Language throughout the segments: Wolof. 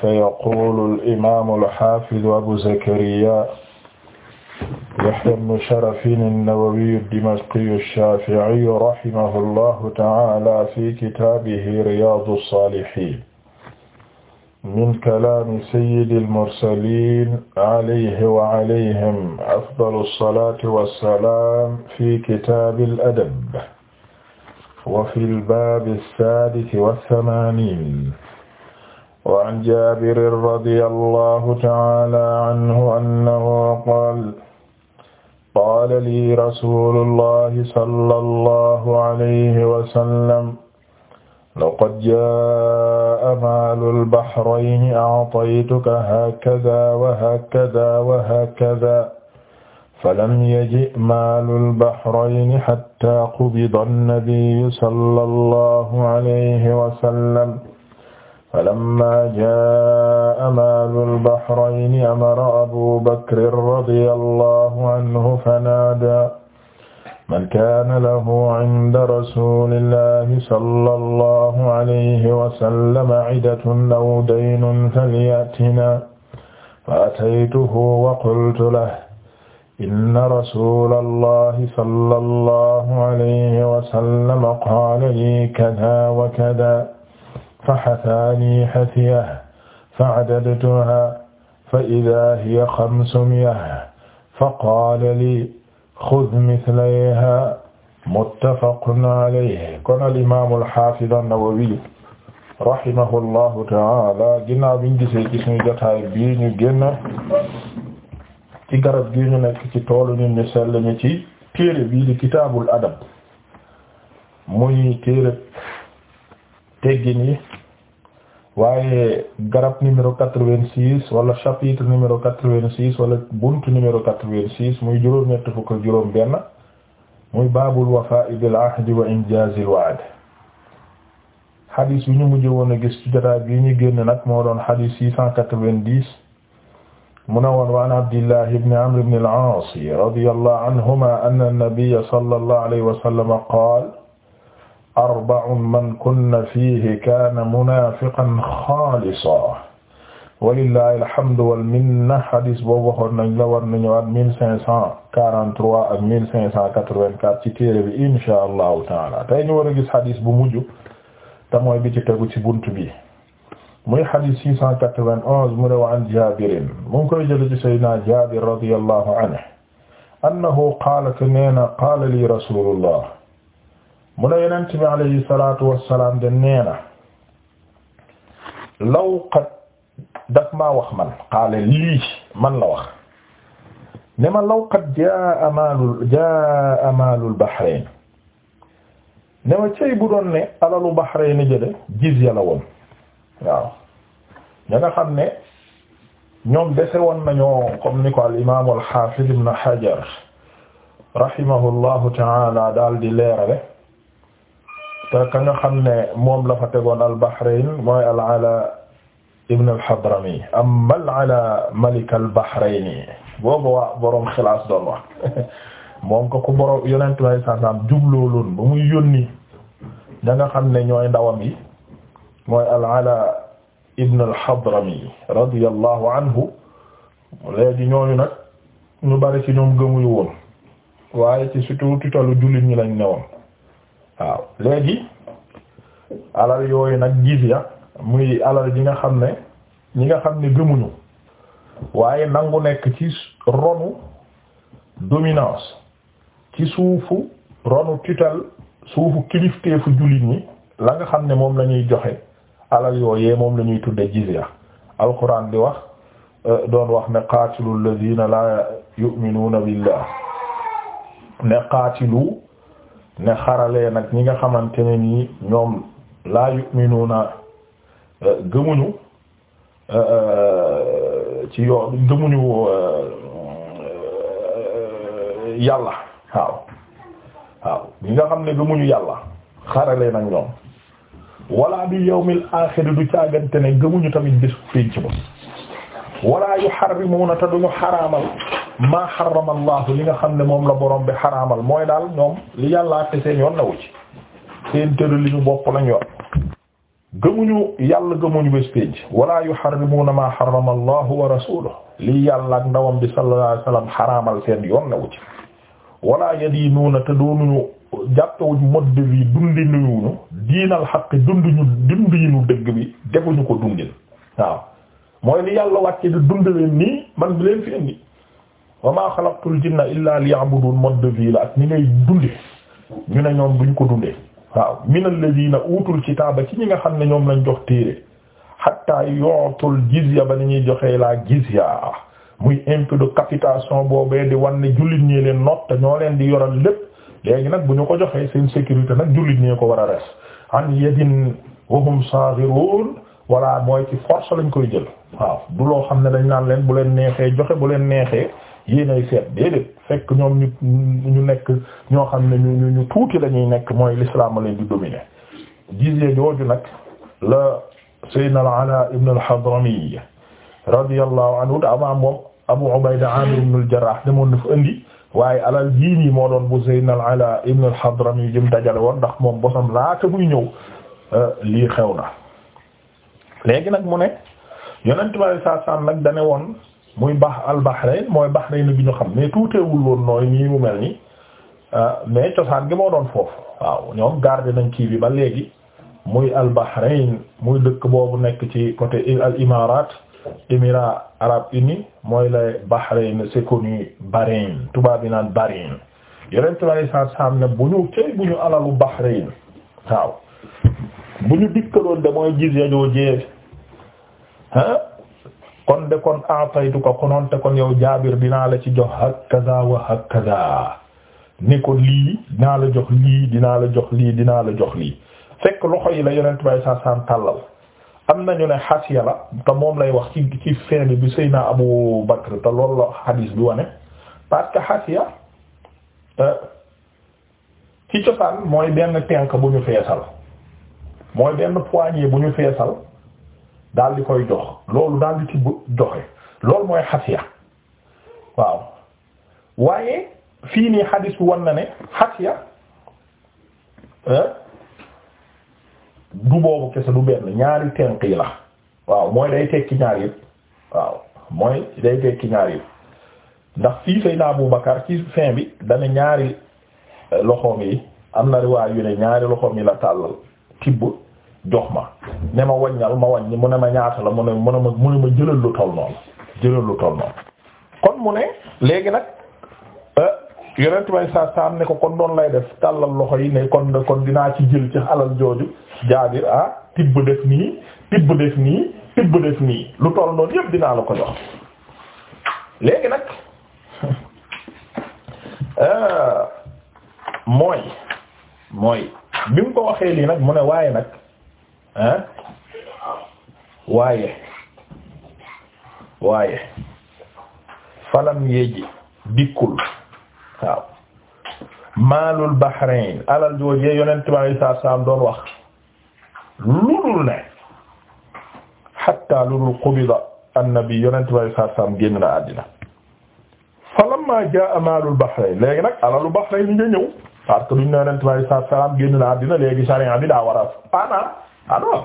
فيقول الإمام الحافظ أبو زكريا يحيى بن شرف النووي الدمشقي الشافعي رحمه الله تعالى في كتابه رياض الصالحين من كلام سيد المرسلين عليه وعليهم أفضل الصلاة والسلام في كتاب الأدب وفي الباب السادس والثمانين وعن جابر رضي الله تعالى عنه أنه قال قال لي رسول الله صلى الله عليه وسلم لقد جاء مال البحرين أعطيتك هكذا وهكذا وهكذا فلم يجئ مال البحرين حتى قبض النبي صلى الله عليه وسلم فلما جاء مال البحرين أمر أبو بكر رضي الله عنه فنادى من كان له عند رسول الله صلى الله عليه وسلم عدة أو دين فليأتنا فأتيته وقلت له إن رسول الله صلى الله عليه وسلم قال لي كذا وكذا fa xasaanii xasiyah fa cadadtuha fa idaa hiya xamsu miyah fa qaala lii xud mislayha muttafaqun alayhi kon al-imaam al-xaafiz an-Nawawi rahimahu llahu taala ginnaaw biñ gisee ci suñu jotaay bii ñu génn ci garab gii ñu nekk ci toolu ñun ñu sell ñu ci téere bii di kitaabul adab muy téere teggin yi waaye garab numéro quatre-vingt-six wala chapitre numéro quatre-vingt-six wala buntu numéro quatre-vingt-six muy juróom-ñett fukk ak juróom-benn muy baabul wafaa'i bil ahdi wa injaazil wa'd xadis bi ñu mujj woon a gis ci jotaay bi ñu génn nag moo doon xadis six cent quatre-vingt-dix mu ne woon wa an Abdillah Amr ibn al-Aas radiyallahu anhuma anna an-nabiyya sallallahu alayhi wa sallam qaala arba'un man kunna fiihi kaana munaafiqan xaalisan walillaahi alhamdu wal minna hadis boobu waxoon nañ la war nañu at mille cinq cent quarante trois ak mille cinq cent quatre vingt quatre ci téere bi insha allahu taala tey ñu war a gis hadis bu mujj te mooy bi ci tegu ci buntu bi muy hadis six cent quatre vingt onze mu rew an Jaabirin mu ngi koy jële ci Seydina Jaabir radiyallahu anhu annahu qaala nee na qaala li rasulullah mu ne yonent bi alayhi salaatu wassalaam de nee na law qad daf maa wax man qaala lii man la wax ne ma law qad jaa maalul jaa maalul Bahrayn ne ma cey bu doon ne alalu Bahrayn jële jizya la woon waaw xam ne ñoom dese woon nañoo comme ni ko al imaam al xaafid ibn Hajar rahimahullahu ta'ala daal di leerale te ka nga xam ne moom la fa tegoon al-Bahrayn mooy al-Ala ibn al-Hadrami amma al-Ala malik al-Bahrayn boobu waa borom xilaas doon wax moom ko ku borom yonent may sànnaam jublooloon ba muy yónni da xam ne ñooy ndawam yi mooy al-Ala ibn al-Hadrami radiyallahu anhu léegi ñooñu nag ñu bari ci ñoom gëmuñu woon waaye ci surtout tutalu jullit ñi lañ newoon. waaw léegi alal yooyu nag gis ya muy alal ji nga xam ne ñi nga xam ne gëmuñu waaye nangu nekk ci ronu dominance ci suufu ronu tutelle suufu kilifteefu jullit ñi la nga xam ne moom la ñuy joxe alal yooyee moom la ñuy tudde jizya alquran di wax euh, doon wax ne qaatilu alladhina la yu'minuna billah ne qaatilu ne xarale nag ñi nga xamante ne nii ñoom laa na euh, gëmuñu euh, euh, ci yoon gëmuñu yàlla waaw waaw ñi nga xam ne gëmuñu yàlla xaralee nag ñoom wala bi yawmil aaxir du caagante ne gëmuñu tamit fii pénc ba wala yuharrimuuna te duñu xaraamal maa xarama allahu li nga xam ne moom la boroom bi xaraamal mooy daal ñoom li yàlla te seen yoon nawu ci seen tëra li ñu bopp lañ yor gëmuñu yàlla gëmuñu bés pénc wala yuharrimuuna maa xarama allahu wa rasuluhu li yàlla ak ndawam bi sallallahu alayhi wasallam xaraamal seen yoon nawu ci wala yadiinuuna te doonuñu jàppewuñ mode de vie dundi nuñu diinal xaq dunduñu dundiinu dëgg bi defuñu ko dundin waaw mooy li yàlla wàcce di dund leen nii man bi leen fi indi wa maa xalaqtul jinna illa liya'budun mode de vie ak ni ngay dundee ñu ne ñoom duñ ko dundee waaw min alladina utul kitaaba ci ñi nga xam ne ñoom lañu jox téere hatta yu'tul jizya ba ni ñuy joxee la jizya muy impôt de capitation boobee di wan ne jullit ñee leen not te ñoo leen di yoral lépp léegi nag bu ñu ko joxee seen sécurité nag jullit ñee ko war a res an yadin wa hum saghirun mooy lañ koy waaw du loo xam ne dañ naan leen bu leen neexee joxe bu leen neexee yéenay seet déedéet fekk ñoom ñu ñu nekk ñoo xam ne ñu ñu tuuti la ñuy nekk mooy l'islam leen di dominer jizya jooju nag la sayyidina al-Ala ibn al-Hadrami radiyallahu anhu avant moom Abu Ubayda Amir ibn al-Jarrah demoon na fa indi waaye alal jii nii moo doon bu sayyidina al-Ala ibn al jëm dajale woon ndax moom bosam laata muy ñëw euh, lii xew na léegi nag mu ne yonent bi saa saa nag dane woon muy bax al Bahrain mooy Bahrain bi ñu xam mais tuuteewul woon nooy nii mu mel nii ah, mais cosaan gi moo doon foofu waaw ñoom garder nañ kii bi ba léegi muy al Bahrain muy dëkk boobu nekk ci côté al Imarat Émirats arabes unis mooy la Bahrain c'est connu Bahreïn tubaab bi naan Bahreïn yonent bi saa saa ne bu ñu cay bu ñu alalu Bahrain waaw bu ñu dikkaloon de mooy gis ya joojee kon de kon ataytuka konoon te kon yow jaabir dinaa la ci jox hakaza wa hakaza ni ko lii dinaa la jox lii dinaa la jox lii dinaa fekk loxo yi la yeneen bay saa saan tàllal am ñu ne xasiya la te moom lay wax ci ci fin bi bi naa Abu Bakr te loolu la xadiis bi wane parce que xasiya euh, ci cosaan mooy benn tenk bu ñu feesal mooy benn poignée bu ñu feesal daal di koy jox loolu dal di ci joxe loolu mooy xasiya waaw waaye fii nii xadis wan na ne xasiya eh, du boobu kese du benn ñaari tenq yi la waaw mooy day tekki ñaar waaw mooy day tekki ñaar ndax fii Seydina Abu Bakar ci fin bi dana ñaari eh, loxoom yi am na riwaay yu ne ñaari loxoom yi la tàllal tibb jox ma ne ma waññal ma waññi mu ne ma ñaata la mu ne mu ne ma mu jëlal lu toll noonu jëlal lu toll noonu kon mu ne léegi nag euh, yonent may sa saam ne ko kon doon lay def tàllal loxo yi ne kon kon dinaa ci jël ci alal jooju jaabir ah tibb def nii tibb def nii tibb def nii lu toll noonu yëpp dinaa la ko jox léegi nag euh, mooy mooy bi mu ko waxee lii nag mu ne waaye nag ah waaye waaye falam yeji dikkul waaw maalul bahrain alal joojee yonent bi alei saatu salaam doon wax ne hatta lulul qubida annabi yonent bi alei saatu jaa maalul bahrain léegi nag alalu bahrain yi nga ñëw parce que ne yonent bi alei saatu salaam génn na ana alors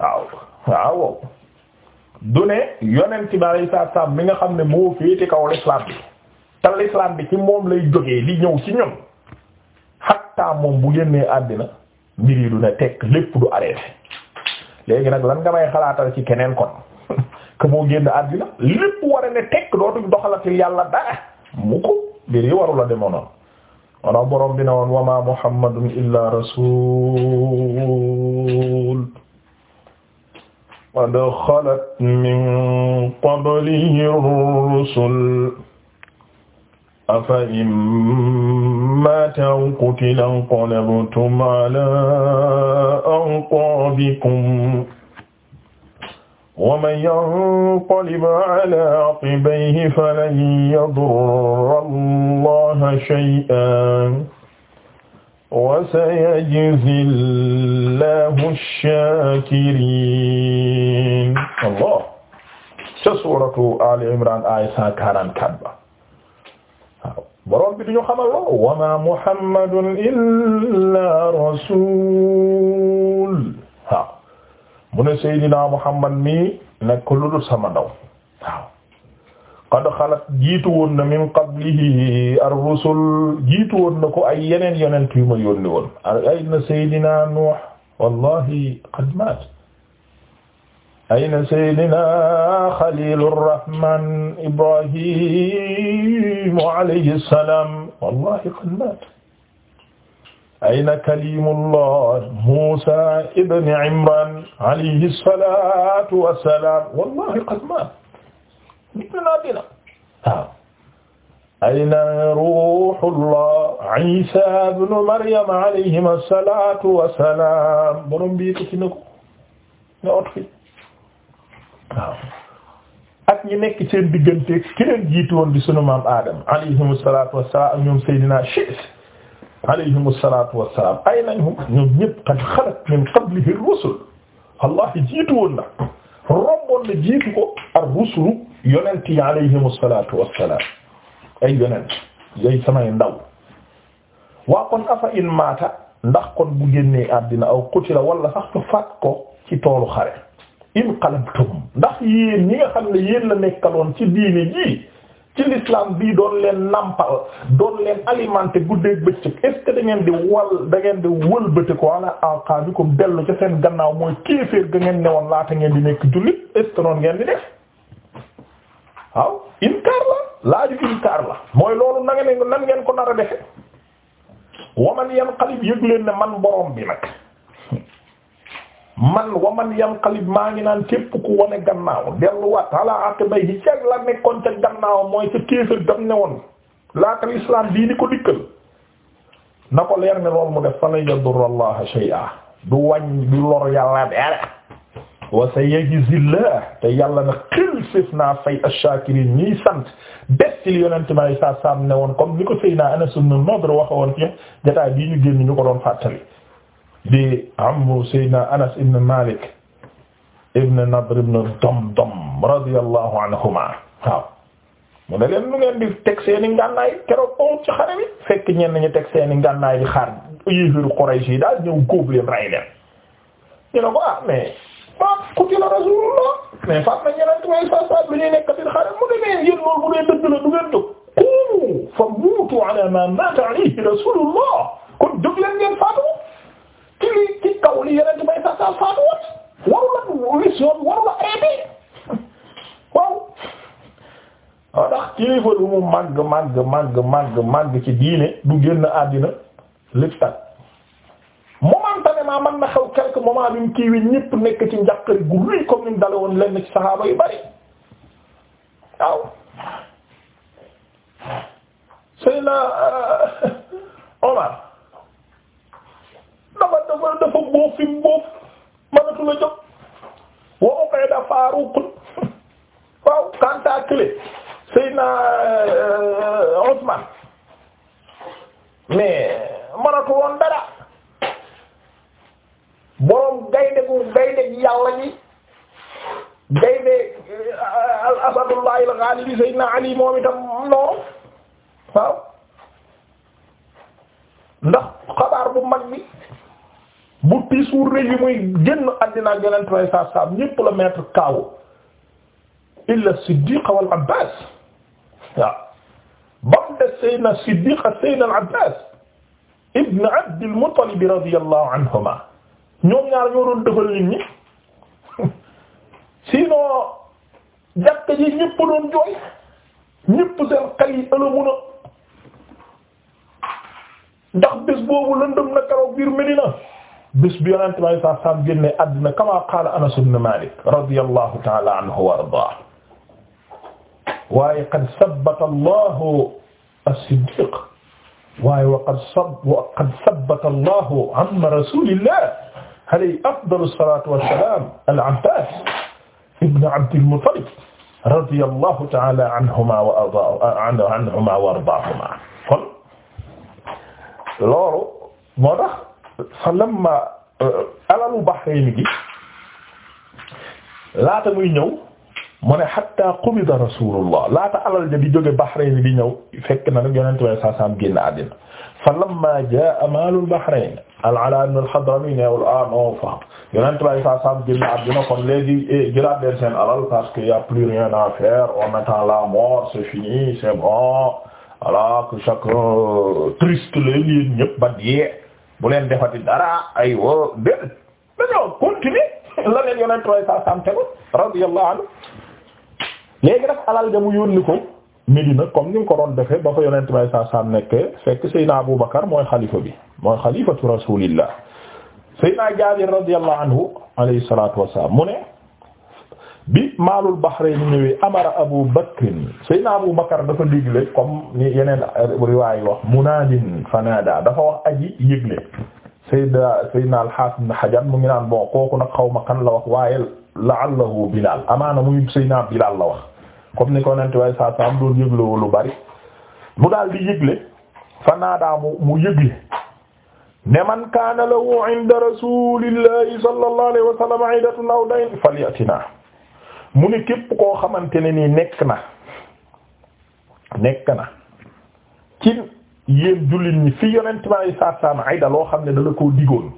waaw waaw du ne yonent bi alayhi mi nga xam ne moo féete kaw l'islam bi te l'islam bi ci moom lay jógee li ñëw ci ñun hatta moom bu génnee àddina mbir du ne tekk lépp du arrêté léegi nag lan nga may xalaatal ci keneen kon que moo génn àddina lépp war ne tekk dootuñ doxalatil yàlla dara mu ko mbir yi warula demoon noonu wala borom bi ne woon wama muhammadun illa rasul qad xalat min qablihi rusul afa in mata aw qutila inqalabtum ala anqabikum waman yanqalib ala aqibayhi falan yadurra allaha shay'an wa sayajzi llahu shakirin allah ca suratu ali imran aya cent quarante-quatre ba waaw boroom bi duñu xamal lo wama muhammadun illa rasul mu ne Seydina Muhammad mii nekk lu dul sama ndaw waaw qad xalat jiitu woon na min qablihi ar-rusul jiitu woon na ko ay yeneen yonent yu ma yónni woon ayna Seydina Nuh wallahi qad maat ayna Seydina Xaliilur Rahmaan Ibrahim alayhi salaam wallahi qad maat ayna kalimullah Musa ibn Imran alayhi salatu wassalam wallahi qad mat dina waaw ayna ruhullah Isa ibn Maryam alayhi salatu wassalam borom bi ci na ko nga ot fi waaw ak ñi nekk seen diggante keneen jiitu woon di sunu maam Adam alayhi salatu wassalam ñoom Seydina Shiis alayhim asalatu wassalam ay nañu ñoom ñëpp qad xalat min qablihi rusul wallahi jiitu woon na romboon na jiitu ko ar rusulu yonent yi alayhim asalatu wassalam ay yonent yay samay ndaw waa kon afa in maata ndax kon bu génnee àddina aw qutila wala sax ñu faat ko ci toolu xare inqalabtum ndax yéen ñi nga xam ne yéen la nekkaloon ci diine ji ci l'islam bii doon leen nampal doon leen alimenté guddeeg bëccëg est-ce que da ngeen di wal da di wëlbati ko ala alqaabikum dellu ca seen gannaaw mooy kéeféer ga ngeen newoon laata ngeen di nekk jullit est-ce que ngeen di def waaw inkaar la laaju inkaar la mooy loolu na ngeen nan ko nar a defe waman yanqalib yëg leen ne man borom bi nag man wa man yanqalib maa ngi naan képp ku wane gannaaw delluwaat ala aqibayhi ceeb la nekkoon ca gannaaw mooy ca kéefër gam ne woon laata l'islam bii di ko dikkal na ko leer ne loolu mu def fa la yadur allah shay'a du wàññ du lor yàlla dara wa sayajzillah te yàlla na xil sif naa fay ash-shakirin ñiy sant bés ci li yonente ma lay ne woon comme ni ko Seydina Anas ibn Nadr waxe woon ci jotaay bii ñu génn ñu ko doon fàttali di amru sayyidina Anas ibn Malik ibn Nadr ibn Damdam radiyallahu anhuma waaw mu ne leen lu ngeen di teg seeni ngànnaay keroog ci xare bi fekk ñenn ñu teg seeni ngànnaay di xaar yi daal ñëw góob leen rey leen ñu ne ko ah mais ah qutila leen yéen loolu fa mutu ala ma mata alayhi Rasulullah kon jóg leen ngeen faatu ci li ci kaw li yeneen may sax sax faatu woon waru la mission bi waru la waaw. waaw ndax kilifa lu mu màgg màgg màgg màgg màgg ci diine du génn àddina lépp tàgg momentanément man na xew quelque moment bi mu kii wi ñëpp nekk ci njàqare gu rëy comme ni mu dale woon lenn ci saxaaba yu bari. yi moom itam mu waaw bu mag bi bu tiisuur rëy bi muy génn àddina ak yeneen trois cent saab ñépp la mettre kaw illa Siddiq wal Abbas waaw ba mu des Seydina al Abbas ibn Abdil Muttalib radiyallahu anhuma ñoom ñaar ñoo doon defal nit ñi sinon jàkk ji ñépp doon jooy ñépp seen xel yi ëllëgu na ndax bés boobu lëndëm na keroog biir Medina bés bi yonent bi saa saam génne àddina kamaa qaala Anas ibn Malik radiyallahu ta'ala anhu wa ardaahu waaye qad sabbata Allahu as-Siddiq waaye wa qad sab wa qad sabbata Allahu amma rasulillah alayhi afdalu salatu wa salam al-Abbas ibn Abd al-Muttalib radiyallahu ta'ala anhuma wa arda anhuma wa ardaahuma kon loolu moo tax fa lamma euh, alalu Bahrayn gi laata muy ñëw mu ne hatta qubida rasulullah laata alal ja di jóge Bahrayn di ñëw fekk na nag yonent way saasaam génn àddina falamma jaa maalul bahrayn al-Alaa ibn al-Hadrami neewul ah non fa yonent bi saa saam génn àddina kon léegi eh, jëlaat leen seen alal parce que y a plus rien à faire on attend la mort c'est fini c'est bon voilà que chacun euh, triste la yéen ñëpp ba diye bu leen defati dara ay wo déedéet dañoo continuer la leen yonent bi saa saam tegu radiyallahu anhu léegi nag alal ja mu yónni ko. Médina comme ni mu ko doon defee ba fa yonent bay saa saam nekkee fekk Seydina Abu Bakar mooy xalifa bi mooy xalifatu rasulillah Seydina Jaabir radiyallahu anhu alayhi salaatu wassalaam mu ne bi maalul bahrayn ñëwee amara Abu Bakr Seydina Abu Bakar dafa digle comme ni yeneen riwaay wax munaadin fanaada dafa wax aji yëgle Seydina Seydina mu ngi naan kooku nag xaw ma kan la wax waaye la'allahu Bilaal amaana muy Seydina Bilaal la wax comme ni ko nent way saa saa am lu bari mu daal di yëgle fa naadaa mu yëgle ne man kaana la inda rasulillahi sallallahu alayhi wa sallam aydatun aw dayn falyatina mu ne képp koo xamante ne nii nekk na nekk na ci yéen jullit ñi fi yonent bi saa saa ma ayda loo xam ne dala koo digoon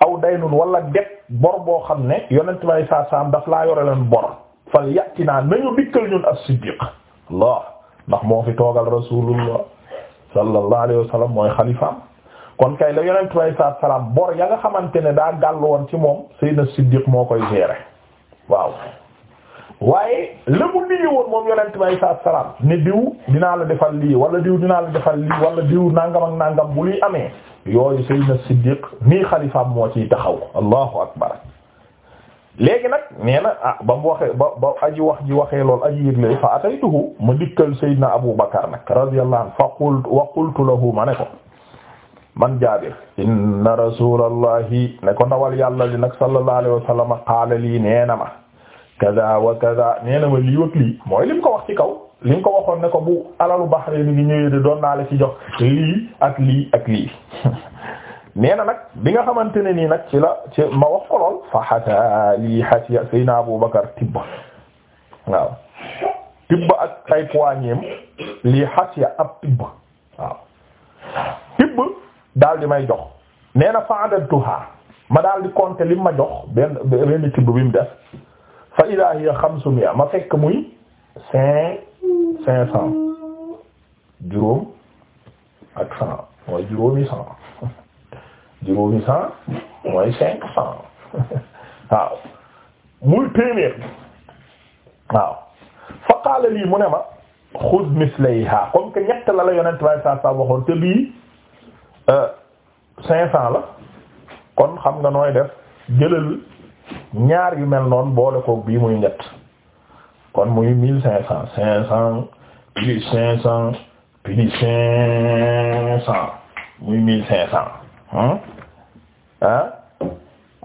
aw daynun wala det bor boo xam ne yonent bi saa saa am daf laa yore leen bor fal na nañu dikkal ñun as-Siddiq Allah ndax moo fi toogal Rasulullah sallallahu alayhi wa sallam mooy xalifaam kon kay la yonent bi saa salaam bor ya nga xamante ne daa gàll woon ci moom Seydina Siddiq moo koy gérer waaw waaye la mu liggéey woon moom yonent bi saa salaam ne diw dinaa la defal lii wala diw dinaa la defal lii wala diw nàngam ak nangam bu luy amee yooyu Seydina Siddiq nii xalifaam moo ciy taxaw allahu akbar léegi nag nee na ah ba mu waxee ba ba aji wax ji waxee lool aji yëgle fa ataytuhu ma dikkal Seydina Abu Bakar nag radiyallahu anhu fa qultu wa qultu lahu ma ne ko man Jaabir inna rasulallahi ne ko ndawal yàlla li nag sallallahu alayhi wa sallam qaala lii nee ma kada wa kada nee na ma lii wëkk lii mooy li mu ko wax ci kaw li mu ko waxoon ne ko bu alalu Bahrayn ni ngi ñëwee de doon naa la ci jox lii ak lii ak lii nee nag bi nga xamante ne nii nag ci la ci ma wax ko fa xataa lii xatiya Seydina Abubakar tibb waaw tibb ak ay poignéem lii xatiya ab tibb waaw tibb daal di may jox nee na fa adadtuha ma daal di compter lim ma jox benn tibb bi mu def fa idaa hiya xamsu ma fekk muy juróom ak cent mooy juróomi cent juróomi cent mooy cinq cent waaw muy téeméer waaw fa lii mu ne ma xuz mislayha comme que ñett la la yonent waaye saa saa waxoon te bii euh, cinq cent la kon xam nga nooy def jëlal ñaar yu mel noonu boole koog bii muy ñett kon muy mille cinq cent cinq cent plus cinq cent plus cinq cent muy mille cinq cent Hmm? ah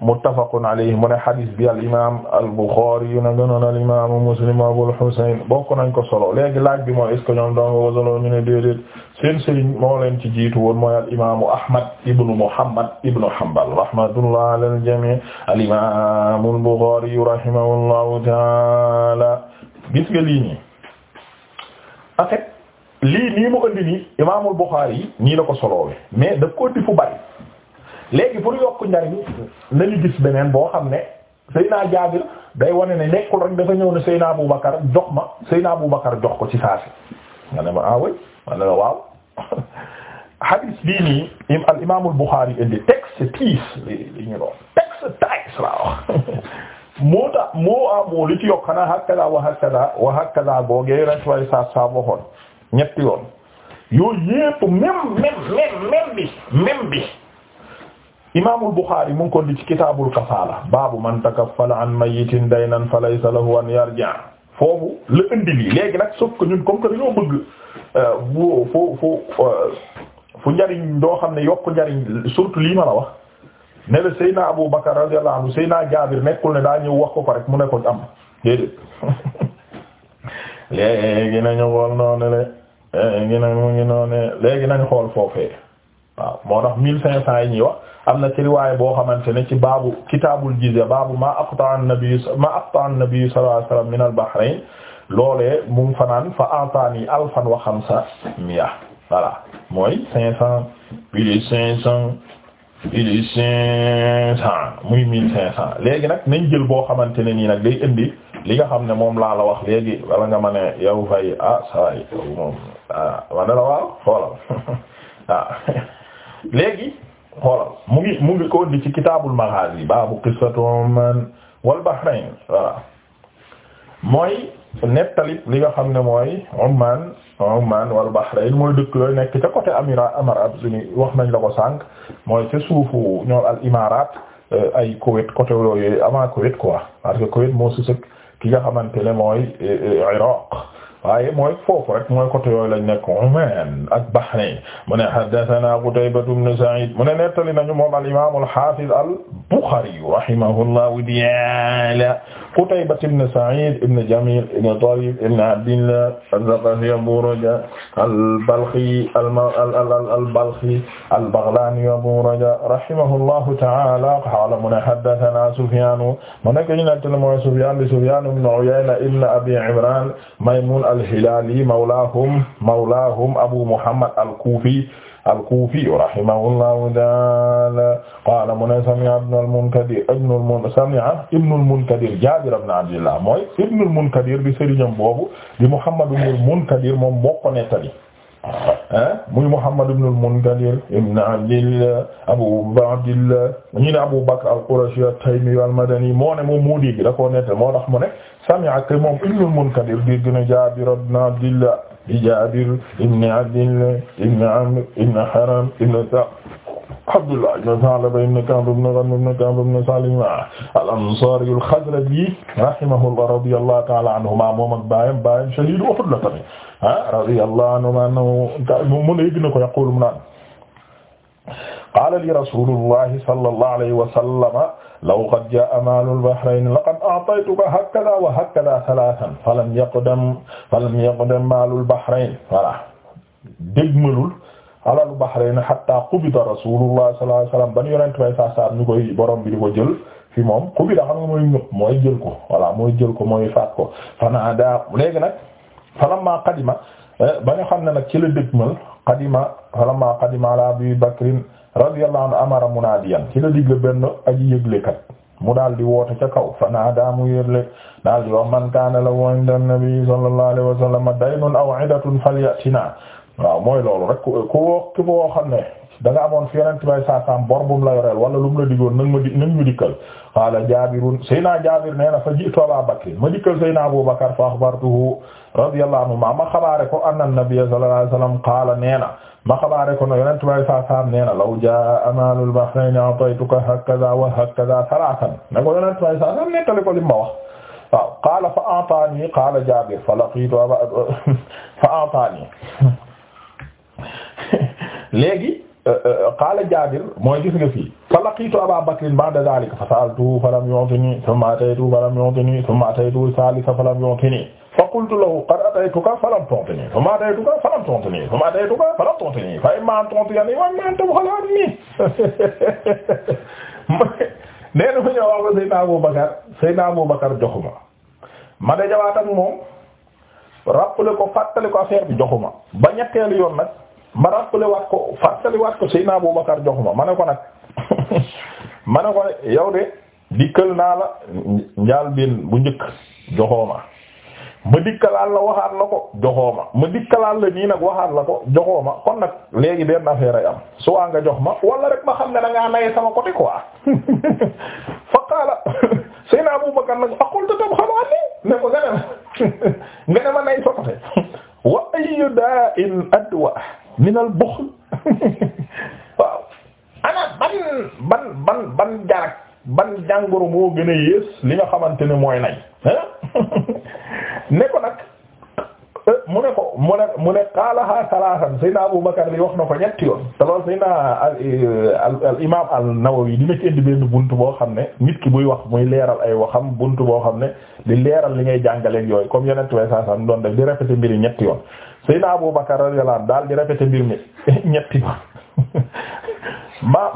muttafaqun alayhi mu ne hadis bi al imaam al Buxaari yu na gënoon al imaamu Muslim Abul Husayn bokk nañ ko solo léegi laaj bi mooy est ce que ñoom dong ko solo ñu ne déedéet seen sëriñ moo leen ci jiitu woon mooy al imaamu Ahmad ibnu Muhammad ibnu Hanbal rahmatullah ala al jamii al imaamu al Buxaari rahimahullahu taala gis nga lii nii en fait lii nii mu andi nii imaamul Buxaari ñii la ko soloowe mais daf ko ëndi fu bari. léegi pour yokk njariñ nañu gis beneen boo xam ne Seyna Jaabir day wane ne nekkul rek dafa ñëw na Seyna Abubakar jox ma Seyna Abubakar jox ko ci saasi nga ne ma ah oui ma ne la waaw hadis bii nii al imaamul Buxaari indi texte tiis li ñu doon texte tiis laa wax moo tax moo ah li ci yokk xanaa hakada wa hakada wa hakada googee rek saas saa waxoon ñetti yoon yooyu yépp même même même même bi même bi. imaamul Buxaari mu ngi ko di ci kitaabul kafaala baabu man takaffala an mayyitin daynan fa laysa lahu an yarji' foofu la indi lii léegi nag sauf que ñun comme que dañoo bëgg bu euh, fu fu euh, fu njariñ doo xam ne yokk njariñ surtout lii ma la wax ne la Seydina Abu Bakar radiyallahu anhu Seydina Jaabir nekkul ne daa ñëw wax ko ko rek mu ne ko am déedéet léegi nañu xool noonu le léegi nag mu ngi nañu xool foofee waaw moo tax mille cinq cents yi ñuy wax am na ci riwaay boo xamante ne ci baabu kitaabul jizya baabu ma aqta'a an-nabi ma aqta'a an-nabi sallallahu alayhi wasallam min al-bahrayn loolee mu ngi fanaan fa ataani alfan wa xamsa miya voilà mooy cinq cent plus cinq cent plus cinq cent muy mille cinq cent léegi nag nañ jël boo xamante ne nii nag day indi li nga xam ne moom laa la wax léegi wala nga ma ne yow fay ah saa yi moom ah wane la waaw xoolal ah léegi. xoolal mu ngi mu ngi ko di ci kitaabul maghazi baabu qissatu Oman wal Bahrain mooy nettali li nga xam ne mooy Oman Oman wal Bahrain mooy dëkk yooyu nekk ca côté amira amar ab suni wax nañ la ko sànq mooy ca suufu ñoom al imarat euh, ay Koweït côté yooyu avant Koweït quoi parce que Koweït moo si sëkk ki nga xamante ne mooy euh, euh, Iraq waaye mooy foofu rek mooy côté yooyu lañ nekk Oman ak Bahrain mu ne haddathana Qutayba ibn Sa'id mu ne nettali nañu moom al imam al hafiz al Bukhari rahimahullahu ta'ala Qutayba ibn Sa'id ibn Jamil ibn Tarif ibn Abdillah az-Zaqafi Abu Raja al-Balkhi al-Balkhi al-Baghlani Abu Raja rahimahullahu ta'ala qala mu ne haddathana Sufyan mu nekk ñu naan teel mooy Sufyan Sufyan ibn Uyayna ibn Abi Imran Maymun al-Hilali mawlahum mawlahum Abu Muhammad al-Kufi al-Kufi rahimahullahu ta'ala qala mu ne sami'a ibn al-Munkadir ibn al-Mun sami'a ibn al-Munkadir Jabir ibn Abdillah mooy ibn al-Munkadir bi sëriñam boobu di Muhammad ibn al-Munkadir moom moo ko nettali muy Muhammad ibn al-Munkadir ibn Abdillah Abu Abdillah ñu ne Abu Bakr al-Qurashi at-Taymi al-Madani moo ne moom moo dégg da koo nettali moo tax mu ne sami'a moom ibn al-Munkadir dégg na Jabir ibn Abdillah di Jaabir ibn Abdillah ibn Amr ibn Haram ibn Abdullah ibn Tha'laba ibn Ka'b ibn Ghanm ibn Ka'b ibn Salim al-Ansari al-Khazraji rahimahullah radiyallahu ta'ala anhuma moom ak baayam baayam shahiid Uhud la tamit ah radiyallahu anhuma mu ne yëg na ko yaqulu mu naan qaala li Rasulullah sallallahu alayhi wa sallam law qad jaa maalul bahrayn laqad a'taytuka hakada wa hakada salaasan falam yaqdam falam yaqdam maalul bahrayn voilà dégmalul alalu bahrayn hatta qubida rasulullah sallallahu alayhi wasallam ban yonent bay saa saa ñu koy borom bi di ko jël fi moom qubida xam nga mooy ñëpp mooy jël ko voilà mooy jël ko mooy faat ko fanaa daa léegi nag falamma qadima eh, ba nga xam ne nag ci la dégmal qadima falamma qadima ala abi bakrin radiyallahu anhu amara munaadiyan ci la digle benn aji yëglekat mu daal di woote ca kaw fa naadaa mu yëgle daal di wax man kaana lahu inda an-nabi sallallahu alayhi wa sallam daynun aw idatun falyatina waaw mooy loolu rek ku ku ku boo xam ne da nga amoon fi yonent bay saasaam bor bu mu la yoreel wala lu mu la digoon nag ma di nag ñu dikkal qaala jaabirun Seydina Jaabir nee na fa jiitu Abaa Bakr ma dikkal Seydina Abu Bakr fa axbartuhu radiyallahu anhu ma xabaare ko anna nabiyya sallallahu alayhi wasallam qaala nee na ma xabaare ko ne yonent bay saasaam nee na law jaa maalul bahrayni a'taytuka hakaza wa hakaza thalathan ne ko yonent bay saasaam nettali ko li ma wax waaw qaala fa a'taani qaala Jaabir fa laqiitu fa a'taani léegi euh, euh, qaala Jaabir mooy gis fa laqiitu Abaa Bakrin ba'da zaalika fa sa'altuhu fa lam yu'tinii thumma ataytuhu fa lam yu'tinii thumma ataytuhu fa lam yu'tinii fa qultu lahu qad ataytuka fa lam tu'tinii thumma ataytuka fa lam tu'tinii thumma ataytuka fa lam tu'tinii fa immaa an tu'tiyanii wa immaa an tabxalanii nee na mu ñëw wax ko Seydina Abu joxuma ma dajawaat ak moom rappelé ko fàttali ko affaire bi joxuma ba ñetteelu yoon nag ma rappelé waat ko fàttali waat ko Seydina Abubakar jox ma ma ko nag ma ko yow de dikkal naa la njaal biin bu njëkk joxoo ma ma dikkalaal la waxaat la ko joxoo ma dikkalaal la nii nag waxaat la ko joxoo kon nag léegi benn affaire ay am su waa nga jox ma wala rek ma xam ne da ngaa naye sama côté quoi fa qaala Seydina Abubakar nag aqultu tam xamaa ne ne ko nga ma nga ma nay sa wa ayyu da'in adwa ni nal buxl waaw ana ban ban ban ban jarak ban jàngoro moo gën a yées li nga xamante ne mooy nay ne ko nag euh, mu ne ko mu ne mu ne qaalaha salaasan Seydina Abu Bakar li wax na ko ñetti yoon te loolu Seydina al al imaam an-Nawawi dina ci indi benn buntu boo xam ne nit ki buy wax muy leeral ay waxam bunt boo xam ne di leeral li ngay jàngaleeg yooyu comme yeneen tubaab doon def di répété mbiri ñetti yoon. Seydina Abu Bakar radiyallahu anhu daal di répété mbir mi ñetti ba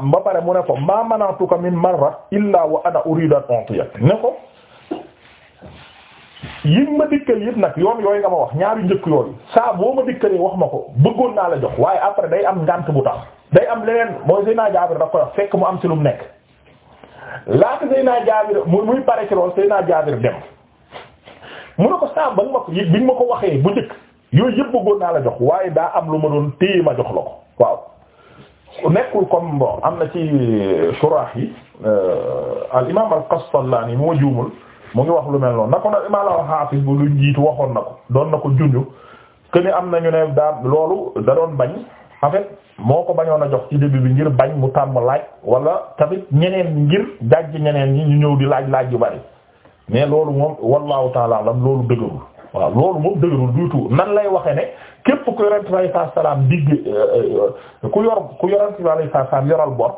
ma ba pare mu ne ko ma mana'tuka min marra illa wa ana uridu an u'tiyak ne ko yi ma dikkal yëpp nag yoon yooyu nga ma wax ñaari njëkk yooyu saa boo ma dikkalee wax ma ko bëggoon naa la jox waaye après day am ngànt bu tax day am leneen mooy Seydina Jaabir daf ko wax fekk mu am ci lu mu nekk laata Seydina Jaabir mu muy pare ci lool Seydina Jaabir dem mu ne ko saa ba ma ko bi yooyu yëpp bëggoon naa la jox waaye daa am lu ma doon téye ma jox la ko waaw nekkul comme am na ci euh, shuraax yi euh, al imaam al Qastallaani moo juumul mu ngi wax lu mel noonu na ko nag imaam al Haafiz bu lu jiitu waxoon na ko doon na ko junju que ni am nañu ne daa loolu da doon bañ en moo ko bañoon a jox ci début bi ngir bañ mu tàmm laaj wala tamit ñeneen ngir jàjj ñeneen yi ñu ñëw di laaj laaj yu bari mais loolu moom wallahu taala alam loolu dëgërul waaw loolu moom dëgërul du tout nan lay waxe ne képp ku yonent bi alayhi salaam digg euh, euh, ku yor ku yonent bi alayhi salaam yoral bor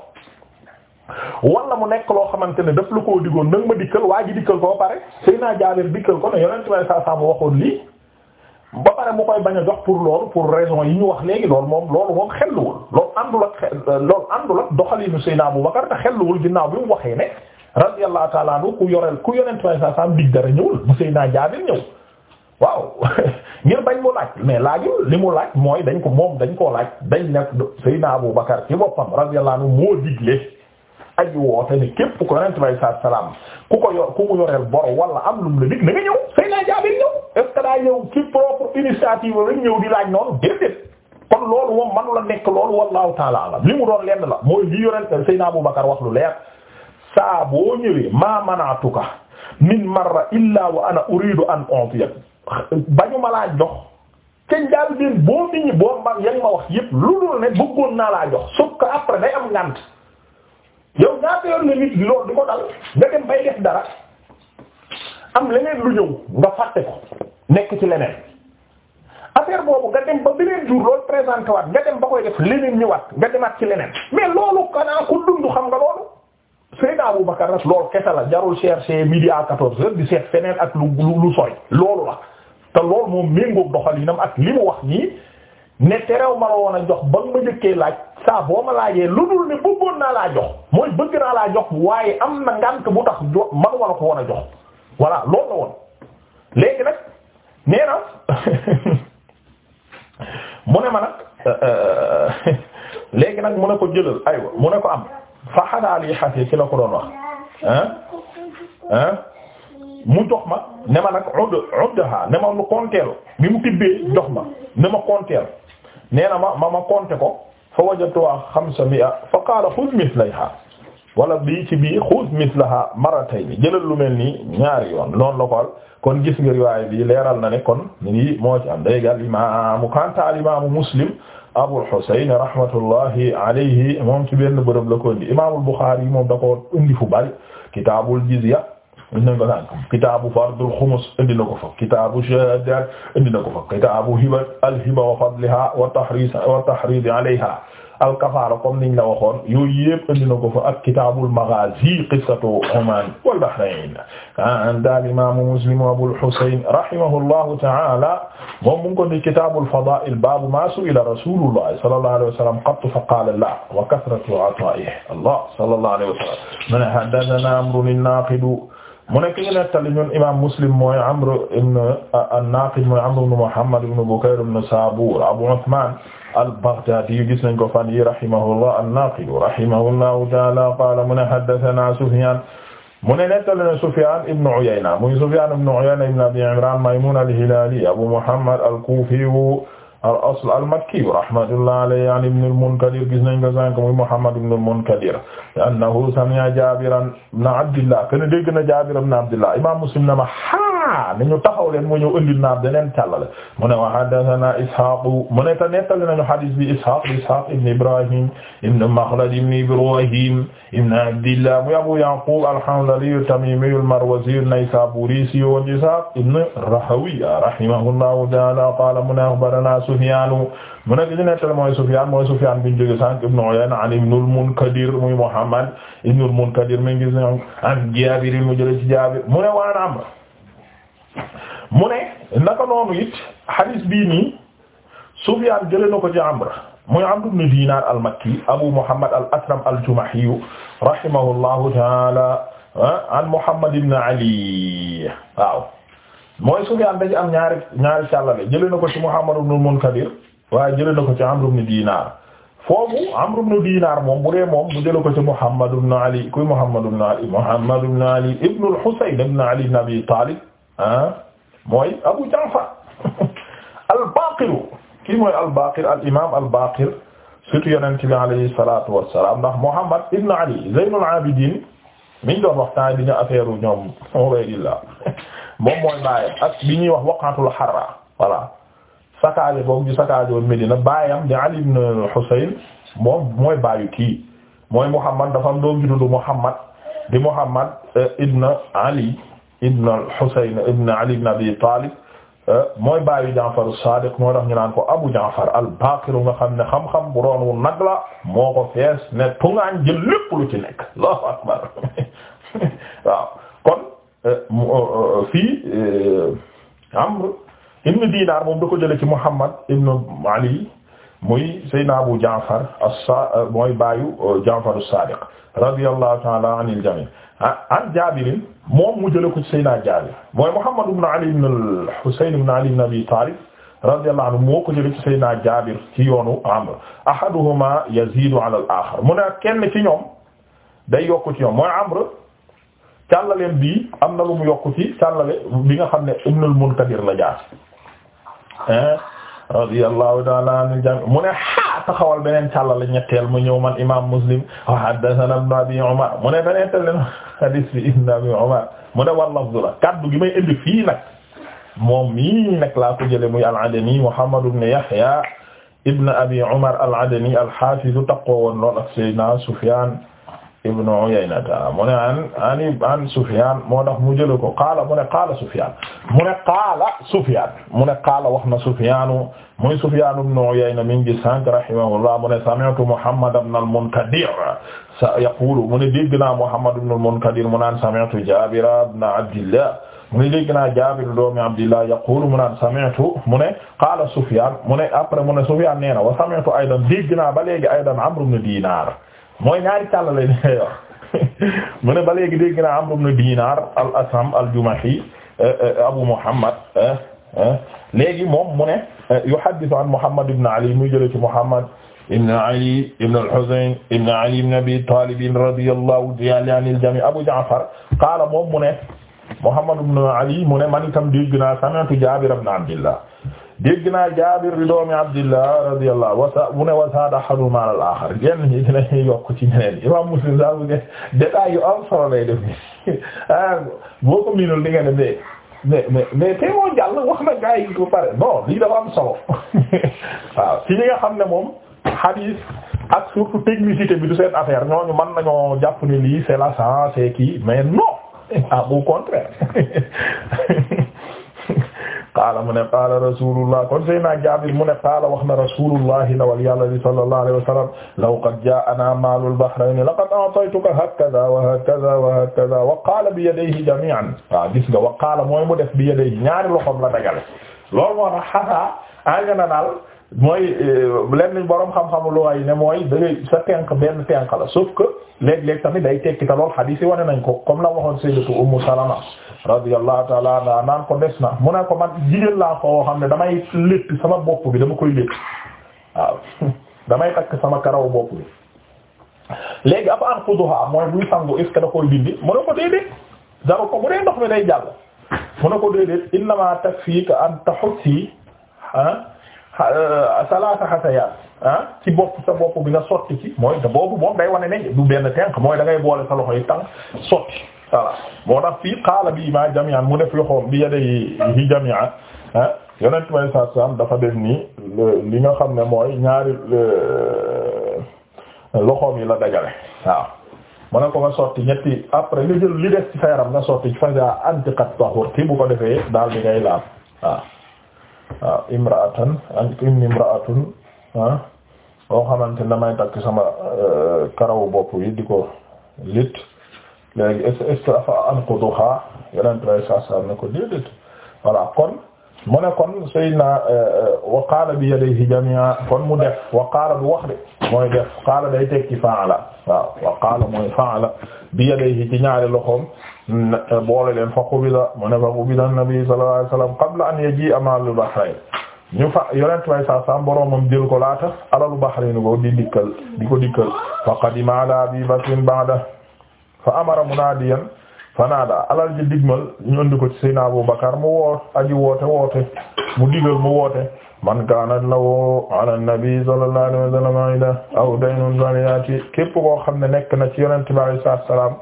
wala mu nekk loo xamante ne daf la koo diggoon nag ma dikkal waa ji dikkal ko ba pare Seydina Jaabir dikkal ko ne yonent bi alayhi salaam waxoon lii ba pare mu koy bañ a jox pour loolu pour raison yi ñu wax léegi lool moom loolu moom xelluwul loolu àndul ak euh, loolu àndul ak doxalinu Seydina Abu Bakar te xelluwul ginnaaw bi mu waxee ne radiyallahu ta'ala anhu ku yoreel ku yonent bi alayhi salaam digg waaw ngir bañ mu laaj mais laajul li mu laaj mooy dañ ko moom dañ koo laaj dañ nekk Seydina Abu Bakar boppam radiyallahu anhu moo digle aji woote ne képp ko yonent bay salaam ku ko yor ku mu yoreel bor wala am lu mu la dig na nga ñëw Seydina Jaabir ñëw est-ce que daa ñëw ci propre initiative di laaj noonu déedéet kon loolu moom manu la nekk loolu wallahu taala alam mu doon lenn la mooy li yonent Seydina Abu Bakar wax lu leer saa boo ñëwee ma manatuka min marra illa bañu ma laa jox ca njaal boo nit ñi boo ma yang ma wax yépp lu dul ne bëggoon naa laa jox sauf que après day am ngànt yow ñaata yoon nga nit bi loolu di ko dal nga dem bay def dara am leneen lu ñëw nga fàtte ko nekk ci leneen affaire boobu nga dem ba beneen jour loolu présenté waat nga dem ba koy def leneen ñëwaat nga demaat ci leneen mais loolu kanaa ku dund xam nga loolu Seydina Abou Bakar nag loolu kese la jarul chercher midi à quatorze heures di seet feneen ak lu lu sooy loolu te loolu moom méngoog doxalinam ak li mu wax nii ne terew ma la woon a jox ba nga ma laaj saa boo ma laajee lu dul ne bëggoon naa laa jox mooy bëgg naa laa jox waaye am na ngànt bu tax jo man wala ko woon a jox voilà loolu la woon léegi nag nee mu ne ma nag euh, euh, léegi nag mu ne ko jëlal aywa mu ne ko am fa xadaal yi xase ci la ko doon wax ah ah mu jox ma ne ma nag udd uddaha ne ma lu konteel bi mu tibbee jox ma ne ma konteel nee na ma ma ma konte ko fa wajadtuha xamsa mi'a fa qaala xuz mislaha wala bii ci bii xuz mislaha marratayni jëlal lu mel nii ñaari yoon noonu la ko kon gis nga riwaay bi leeral na ne kon lii moo ci am dayg al imaamu kanta al imaamu muslim Abul Husayn rahmatullahi alayhi moom ci benn bërëb la ko indi imaamul Buxaari moom da ko indi fu bari kitaabul jizya nañ ko sànq kitaabu fardul xumus indi na ko fa kitaabu shahaadaat indi na ko fa kitaabu hiba al hiba wa fadliha wa tahriis wa tahriid alayha al kafaara comme niñ la waxoon yooyu yëpp indi na ko fa ak kitaabul maghaazi qissatu Oman wal Bahrayn daal imaamu Muslim Abul Husayn rahimahullahu ta'ala moom mu ngi ko ni kitaabul fadaa'il baabu maa su'ila rasuulullahi sallallahu alayhi wa sallam qattu fa qaala laa wa kathratu ataa'ihi Allah sallallahu alayhi wa sallam man haddathanaa Amrun an-Naaqid mu nekk ñu nettali ñun imaam Muslim mooy Amr ibn ah, an-Naqid mooy Amr ibn Muhammad ibn Bukayr ibn Sabur Abu Uthman al-Baghdadi gis nañ ko fan yi rahimahullah an-Naqid rahimahullahu ta'ala qala mu ne haddathana Sufyan mu ne nettali na Sufyan ibn Uyayna muy Sufyan ibn Uyayna ibn Abi Imran Maymun al-Hilali Abu Muhammad al-Kufi al asl al makki rahmatullah alayhi an ibn al munkadir gis nañ ko sànq muy muhammad ibn al munkadir annahu sami'a jabir ibn abdillah kana dégg na jabir ibn abdillah imam muslim na ma ah ni ñu taxaw leen mu ñëw ëndil naa beneen càllale mu ne wa haddathana Ishaq mu ne te nettali nañu hadith bi Ishaq Ishaq ibn Ibrahim ibn Makhlad ibn Ibrahim ibn Abdillah mu Abu Yaqub al-Hanzali at-Tamimi al-Marwazi an-Naysaburi si woon Ishaq ibn Rahawiya rahimahullahu ta'ala qala mu ne akhbarana Sufyan mu ne li nettali mooy Sufyan mooy Sufyan bin jóge sànq ibn Uyayna an ibn al-Munkadir muy Muhammad ibn al-Munkadir mi ngi gis an Jabir mu jële ci Jabir mu ne waan Amr mu ne naka noonu it hadith bii nii Sufyaan jëlee na ko ci Amr muy Amr ibn Dinar al-Makki Abu Muhammad al-Asram al-Jumahi rahimahullahu ta'ala ah, an Muhammad ibn Ali waaw mooy Sufyaan dañu am ñaari ñaari sàllale jëlee na ko ci Muhammad ibn Munkadir waaye jëlee na ko ci Amr ibn Dinar foofu Amr ibn Dinar moom bu dee moom mu jëlee ko ci Muhammad ibn Ali kuy Muhammad ibn Ali Muhammad ibn Ali ibn al-Husayn ibn Ali ibn Abi Talib Ah, mooy Abu Ja'far al-Baqir kii mooy al-Baqir al-imam al-Baqir surtout yonent bi alayhi salatu wassalam ndax Muhammad ibn Ali Zaynul Abidin miñ doon waxtaan bi ñu affaire ñoom Ubaydillah moom mooy baayam ak bi ñuy wax waqatul Harra voilà sakaje boobu di sakajo Medina baayam di Ali ibn Husayn moom mooy baayu kii mooy Muhammad dafa doon juddu Muhammad di Muhammad eh, ibn Ali ibn al-Husayn ibn Ali ibn Abi Talib eh, mooy baayu Jaafar as-Sadiq moo tax ñu naan ko Abu Jaafar al-Baqir nga xam ne xam-xam bu doon wu nag la moo ko fees ne tungaañ jël lépp lu ci nekk Allahu akbar waaw kon eh, eh, fii Amr ibn Dinar moom da ko jële ci Muhammad ibn Ali muy Seydina Abu Jaafar as-Sa mooy baayu euh, Jaafar as-Saadiq radiyallahu ta'ala anil jami' ah, an Jaabir moom mu jëlee ko ci Seydina Jaabir mooy Muhammad ibn Ali ibn al-Husayn ibn Ali ibn Abi Taalib radiyallahu anhu moo ko jëlee ci Seydina Jaabir ci yoonu Amr ahaduhuma yaziidu ala al-aaxar mu ne kenn ci ñoom day yokk ci ñoom mooy Amr càllaleen bii am na lu mu yokk ci càllale bi nga xam ne Ibn al-Munkadir la jaar radiyallahu ta'ala anil jami mu ne ha taxawal beneen càllala ñetteel mu ñëw man imam Muslim wa haddathana ibn Abi Umar mu ne beneen te len hadis bi ibn Abi Umar mu ne wallafdu la kaddu gi may indi fii nag moom mii nag laa ko jële muy al-Adani Muhammad ibn Yahya ibn Abi Umar al-Adani al-Hafiz taqoo woon lool ak Sayyidina Sufyan ibnu Uyaynata mu ne an an an Sufyaan moo tax mu jële ko qaala mu ne qaala Sufyaan mu ne qaala Sufyaan mu ne qaala wax na Sufyaanu muy Sufyaan ibnu Uyayna min gi sànq rahimahullah mu ne sami'tu Muhammad ibn al-Munkadir sa yaqulu mu ne dégg naa Muhammad ibn al-Munkadir mu naan sami'tu Jaabir ibn Abdillah mu ne dégg naa Jaabir doomi Abdillah yaqulu mu naan sami'tu mu ne qaala Sufyaan mu ne après mu ne Sufyaan nee na wa sami'tu aydan dégg naa ba léegi aydan Amr ibn Diinaar mooy ñaari càllale ne wax mu ne ba léegi dégg naa Amr ibn Dinar al-Asam al-Jumahi eh, eh, Abu Muhammad eh, léegi moom mu ne yuhaddithu an Muhammad ibn Ali muy jële ci Muhammad ibn Ali ibn al-Husayn ibn Ali ibn Abi Talib radiyallahu ta'ala anil jami' Abu Ja'far qaala moom mu ne Muhammad ibn Ali mu ne man itam dégg naa sami'tu Jabir ibn Abdillah dégg naa Jaabir di doomi Abdillah radiyallahu wasa mu ne wasaad ahaduma ala al-axar genn ñi dinañuy yokk ci ñeneen Muslim saa bu ne détail yu am solo lay def ah boo ko miinul di nga ne mais mais mais mais tey moo wax na gaa yi ba pare non lii dafa am solo waaw ci xam ne moom hadith ak surtout technicité bi du seen affaire ñooñu mën nañoo jàpp ni lii c'est la science et kii mais non ah qaala mu ne qaala rasulullah kon Seydina Jaabir mu ne qaala wax na rasulullah ndawal yàlla li sallallahu alayhi wa sallam law qad jaa'anaa maalul bahrayni laqad a'taytuka hakaza wa hakaza wa hakaza wa qaala bi yadayhi jamii'an waaw gis nga wa qaala mooy mu def bi yadayhi ñaari loxoom la dagale loolu moo tax xataa en général mooy eh, lenn borom xam-xamu loo yi ne mooy dangay sa tenk benn tenk la sauf que léeg-léeg tamit day tekki te lool xadiis yi wane nañ ko comme la waxoon Sayyidatu Ummu Salama radiyallahu taala anha naan ko des na mu ne ko man jigéen laa ko xam ne damay létt sama bopp bi dama koy létt waaw damay takk sama karaw bopp bi léegi ab an fuduha mooy buy sangu est ce que koy dindi mu ne ko déedéet jaru ko bu dee ko déedéet innama takfiika an tahussi ah, eh, salaasa xasayaat ah, ci bopp sa bopp bi nga sotti ci mooy boobu moom day wane ne du benn tenq mooy da boole sa loxo yi tànk sotti voilà moo tax fii xaala bi ma jami'an mu def loxoom bi yadayhi yi jami'an ah yonent may saa saam dafa def nii li ñoo xam ne mooy ñaari loxoom yi la dajale waaw mu ne ko nga sotti ñetti après li jël li ci sa nga sotti fa nga antiqat tahurti bu ko defee daal di ngay laal waaw waaw imraatan an imraatun ah boo xamante damay takk sama euh, karawu bopp yi di ko lit léegi est-ce que dafa am ko duxaa yeneen trois cent cent ne ko déedéet voilà kon mu ne kon Seydina euh, wa qaala bi yadayhi jamii'a kon mu def wa qaala bu wax de mooy def qaala day tekki fa'ala waaw wa qaala mooy fa'ala bi yadayhi ci ñaari loxoom euh, boole leen fa qubida mu ne fa qubida an-nabi sallallahu alayhi wasallam qabla an yaji'a ma'al bahrayn ñu fa yonent way sa sam boromam jël ko laata alalu bahrayn go di dikkal di ko dikkal fa qadima ala abi bakrin ba'da fa amara munaadiyan fanaada alal ji digmal ñu andi ko ci Seydina Abu Bakar mu woo aji woote woote mu digal mu woote man kaanat lahu ala nabi sallallahu alayhi wa sallam ayda aw daynun falyaati képp koo xam ne nekk na ci yonente bi alayhi salaatu wa salaam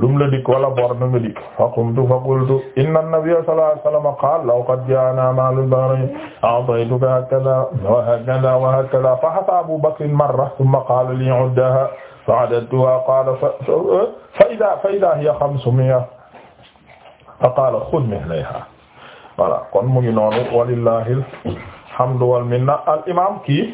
lum la dik wala bor na nga dik fa qumtu fa qultu inna nabiyya sallallahu alayhi wa sallam qaala law qad jaa'anaa maalul bahrayn a'taytuka hakadhaa wa hakadhaa wa hakadhaa fa hasaa Abu Bakr marra thumma qaala li uddahaa fa'adadtuha qala fa ida fa ida hiya xamsu mi'a fa qala xud kon mu ngi noonu walillahi alhamdu wal al imam kii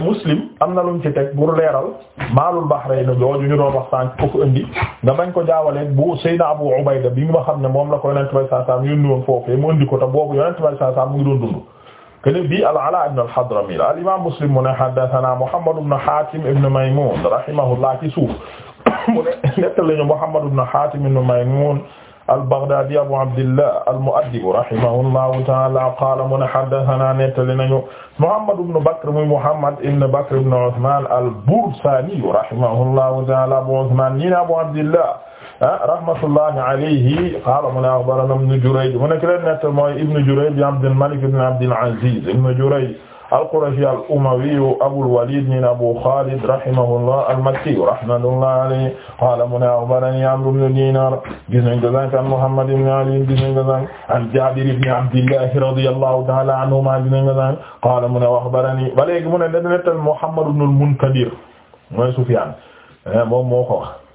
muslim am na luñ ci teg pour leeral maalul bahrayni jooju ñu doon wax sànq ko ko indi nga bañ ko jaawaleeg bu Seydina Abu Ubayda bi nga xam ne moom la ko yonent bay saa saa mu yónni woon foofee mu indi ko te boobu yonent bay saa saa mu ngi doon dund kene bi al-Alaa ibn al-Hadrami la al-imaam Muslim mu ne haddathanaa Muhammad ibn Haatim ibn Maymuun rahimahullah ci suuf mu ne nettali ñu Muhammad ibn Haatim ibn Maymuun al-Baghdaadi Abu Abdillah al-Mu'addib rahimahullahu ta'aala qaala mu ne haddathanaa nettali nañu Muhammad ibn Bakr muy Muhammad ibn Bakr ibn Usmaan al-Bursaani rahimahullahu ta'aala Abu Usmaan ñi Abu Abdillah Ah rahmatullahi alayhi qaala mu ne axbarana ibnu Jurayj mu ne ki leen nett mooy ibnu Jurayj Abdul Malik ibn Abdul Aziz ibnu Jurayj al-Qurashi al-Umawi Abul Walid min Abu Khalid rahimahullah al-Makki rahmatullahi alayhi qaala mu ne axbarani Amr ibn Dinar gis nañ ko sànq an Muhammad ibn Ali gis nañ ko sànq an Jabir ibn Abdillah radiyallahu ta'ala anhuma gis nañ ko sànq qaala mu ne axbarani ba léegi mu ne nettal Muhammad ibn al-Munkadir mooy Sufyan eh, moom moo ko wax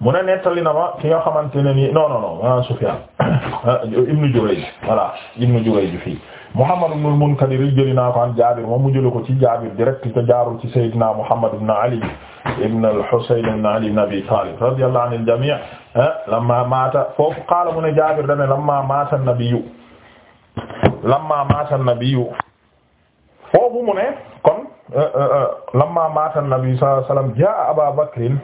mu ne nettali na ma ki nga xamante ne nii non non non Sufyaan ibnu Jurayj voilà ibnu Jurayj fii Muhammad ibn al-Munkadir jëli naa ko an Jaabir moom mu jëlee ko ci Jaabir direct te jaarul ci Seydina Muhammad ibn Ali ibn al-Husayn ibn Ali ibn Abi Talib radiyallahu anil jamii' lamma maata foofu qaala mu ne Jaabir dane lamma maata an-nabiyyu lamma maata an-nabiyyu foofu mu ne kon lamma maata an-nabiyyu sallallahu alayhi wa sallam jaa Abaa Bakrin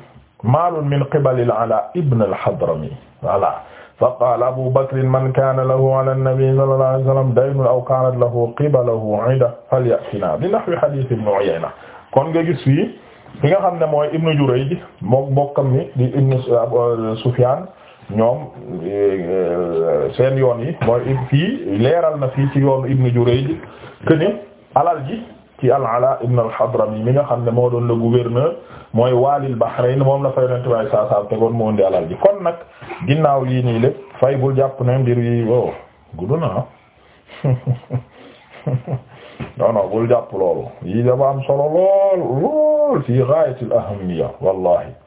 maalun min qibali al-Alaa ibn al-Hadrami voilà fa qaala Abu Bakr man kaana lahu ala an-nabi sallallahu alayhi wa sallam daynun aw kaanat lahu qibaluhu iddatun falyatinaa bi nahwi hadiis Ibn Uyayna kon nga gis fii fi nga xam ne mooy Ibn Jurayj moom mbokkam mi di Ibn euh, Sufyaan ñoom euh, seen yoon yi mooy fii leeral na fii ci yoonu Ibn Jurayj këne alal ji. ci al-Alaa ibn al-Hadrami mi nga xam ne moo doon le gouverneur mooy waalil Bahrain moom la fa yonent bi saa saa tegoon moo indi alal ji kon nag ginnaaw lii nii lépp fay bul jàpp ne mbir yi wow oh gudd na ah. non non bul jàpp loolu yii dafa am solo lool lool fi gaayatil ahammiya wallahi